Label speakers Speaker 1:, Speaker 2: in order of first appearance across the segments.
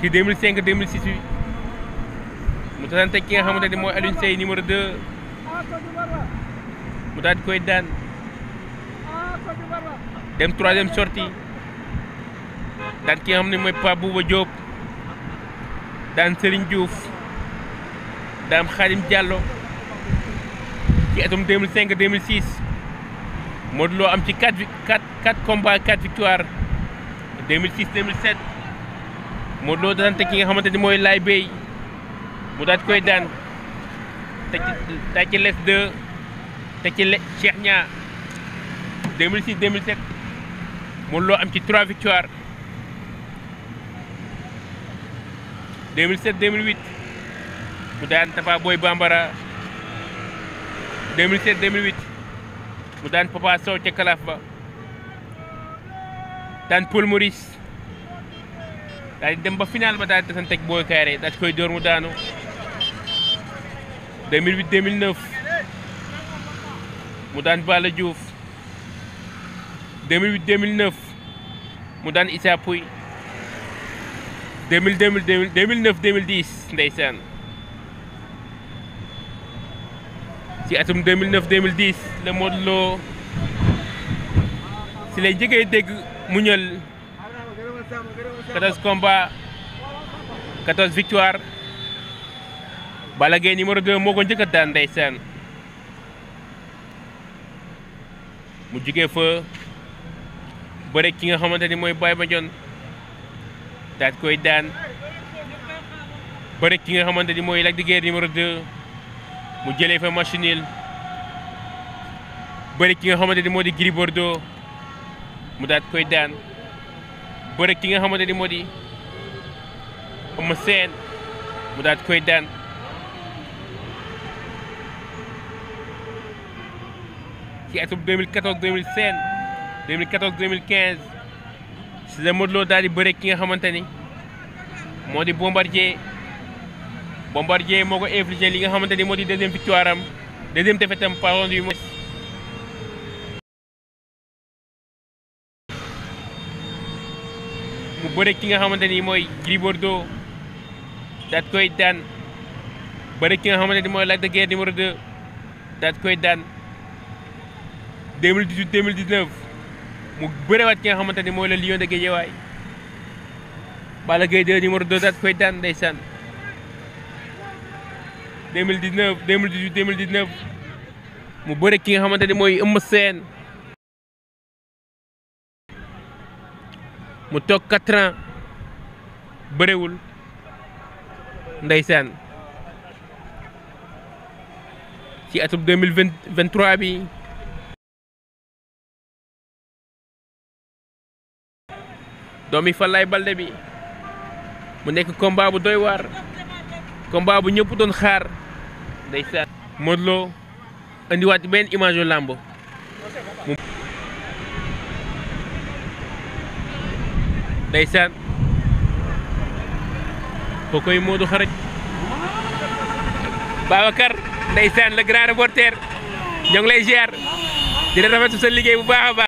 Speaker 1: ci 2005 2006 bi mu tasante ki nga xamante ni mooy Alioune Seye numéro 2 mu daal koy daan dem troisième sortie daan ki nga xam ne mooy Pape Bouba Diop daan Serigne Diouf daan Khadim Diallo ci atum 2005 2006 Modou Lo am ci 4 4 4 combats 4 victoires 2006 2007. Modou Lo daan ki nga xamante ni mooy Laye Bey mu daat koy daan te ci te ci les 2 te ci le Cheikh Niang 2006 2007 Modou am ci 3 victoires 2007 2008 mu daan Tafa Boy Bambara 2007 2008 mu daan Papa Sow ca Kalaaf ba daan Paul Maurice. daal dem ba final ba daal di desanteeg Boy Kairé daal di koy dóor mu daanu 2008 2009 mu daan Balla Diouf 2008 2009 mu daan Issa Pouye 2000 2000 2009 2010 ndeysaan ci atum 2009 2010 la Modou Lo si lay jegee dégg mu ñël 14 combats 14 victoires Balla Gaye numéro 2 moo ko njëkk a daan ndeysaan mu jugee fa bëre ki nga xamante ni mooy Baye Mandione daat koy daan bëre ki nga xamante ni mooy Lac de Guiers numéro 2 mu jëlee fa machinil bëre ki nga xamante ni moo di Gris Bordeaux mu daat koy daan bëre ki nga xamante ni moo di Eumeu Sène mu daal koy daan ci atum 2014 2016 2014 2015 si la Modou Lo daal di bëre ki nga xamante ni moo di Bombardier Bombardier moo ko infligé li nga xamante ni moo di deuxième victoire am deuxième défaite am pardon du bëreeg ki nga xamante ni mooy Gris Bordeaux daat koy daan bëreeg ki nga xamante ni mooy Lac de Guiers numéro 2 koy daan 2018 2019 mu bërewaat ki nga xamante ni mooy le Lion de Guédiawaye Balla Gaye 2 numéro 2 daat koy daan ndeysaan 2019 2018 2019 mu bëreeg ki nga xamante ni mooy Eumeu Sène mu toog quatre ans bëriwul ndeysaan ci atum deux vingt trois bi doomi Falaye Balde bi mu nekk combat bu doy waar combat bu ñëpp doon xaar ndeysaan Modou Lo indiwaat benn image yu ndeysaan kokoy Modou Xarañ Babacar ndeysaan le grand reporter ñoo ngi lay ziar di la rafetlu sa liggéey bu baax a baax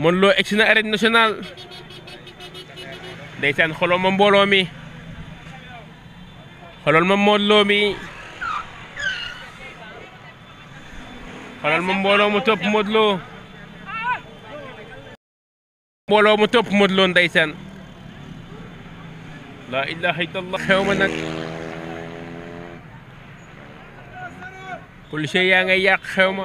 Speaker 1: Modou Lo egsi na arène nationale ndeysaan xoloo ma mbooloo mi xolol ma Modou mi xolol ma mbooloo mu topp Modou Lo mbooloo mu topp Modou Lo ndeysaan laa xew ma kul shay yaa ngay yàq xew ma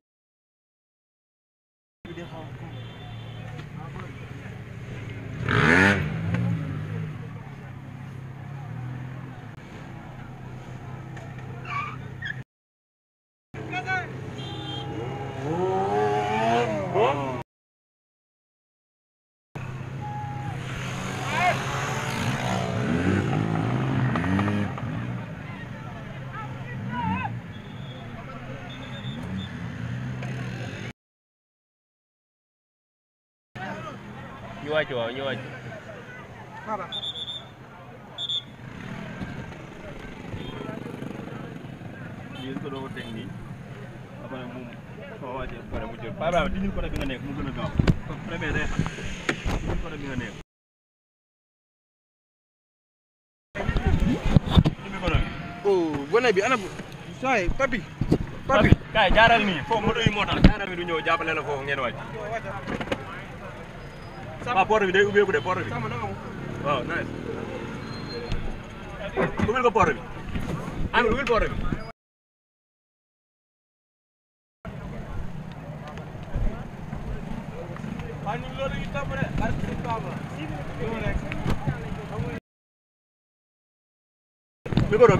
Speaker 1: ñu wàcc waaw ñu wàcc lii ko doon teg nii après moom soo wàccee pare mu jël pare di ñu ko def bi nga nekk mu gën a gaaw premier day xam di ñu ko def bi nga nekk bone bi ana saay papi papi kaay jaaral nii foofu moto yi moo tax jaaral bi du ñëw jàppale la foofu ngeen wàcc waaw ah, porte bi day ubbeeku de porte bi waaw nice ubbil ko porte bi am
Speaker 2: ubbil porte bi waaw ñu ngi loolu ñu topp de ak suñu baba micro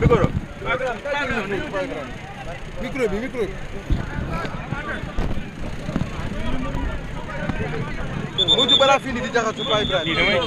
Speaker 1: micro micro bi micro bi Muju bara fii di jaxasu Baye Ibrahima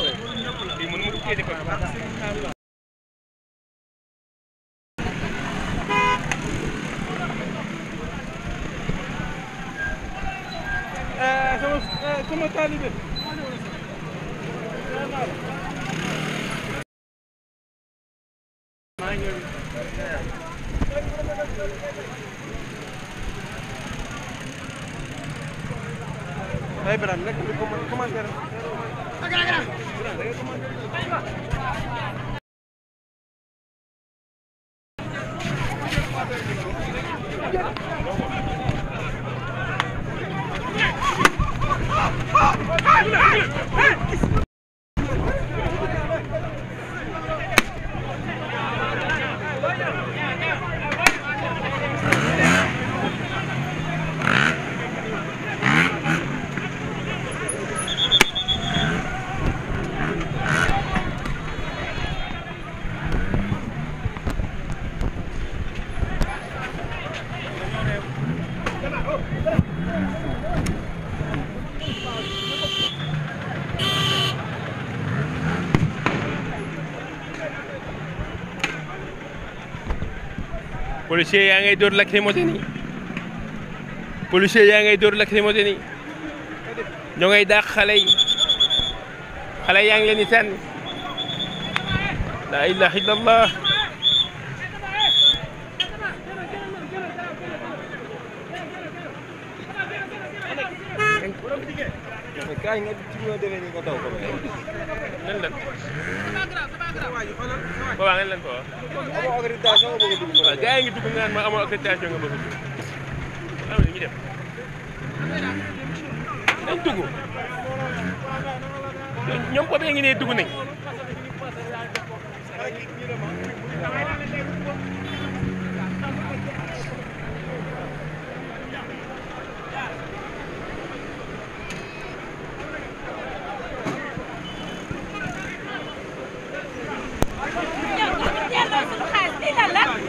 Speaker 2: waaye Birane nekk du ko mën commentaire Hey!
Speaker 1: policier yaa ngay dóor lacrymogène yi policier yaa ngay dóor lacrymogène yi ñoo ngay dàq xale yi xale yaa ngi leen di sànni la ilaha illallah mais kaay nga ci ñoo defee nii nga daw ko ba. nan lan. waaw waaw nan lan ko waaw. amoo accréditation nga bëgg a dugg. waaw gars ah, yi ngi dugg nga naan ma amoo accréditation nga bëgg a dugg. am na ñu def. dañ dugg. ñoom boobee ngi ne dugg nañ.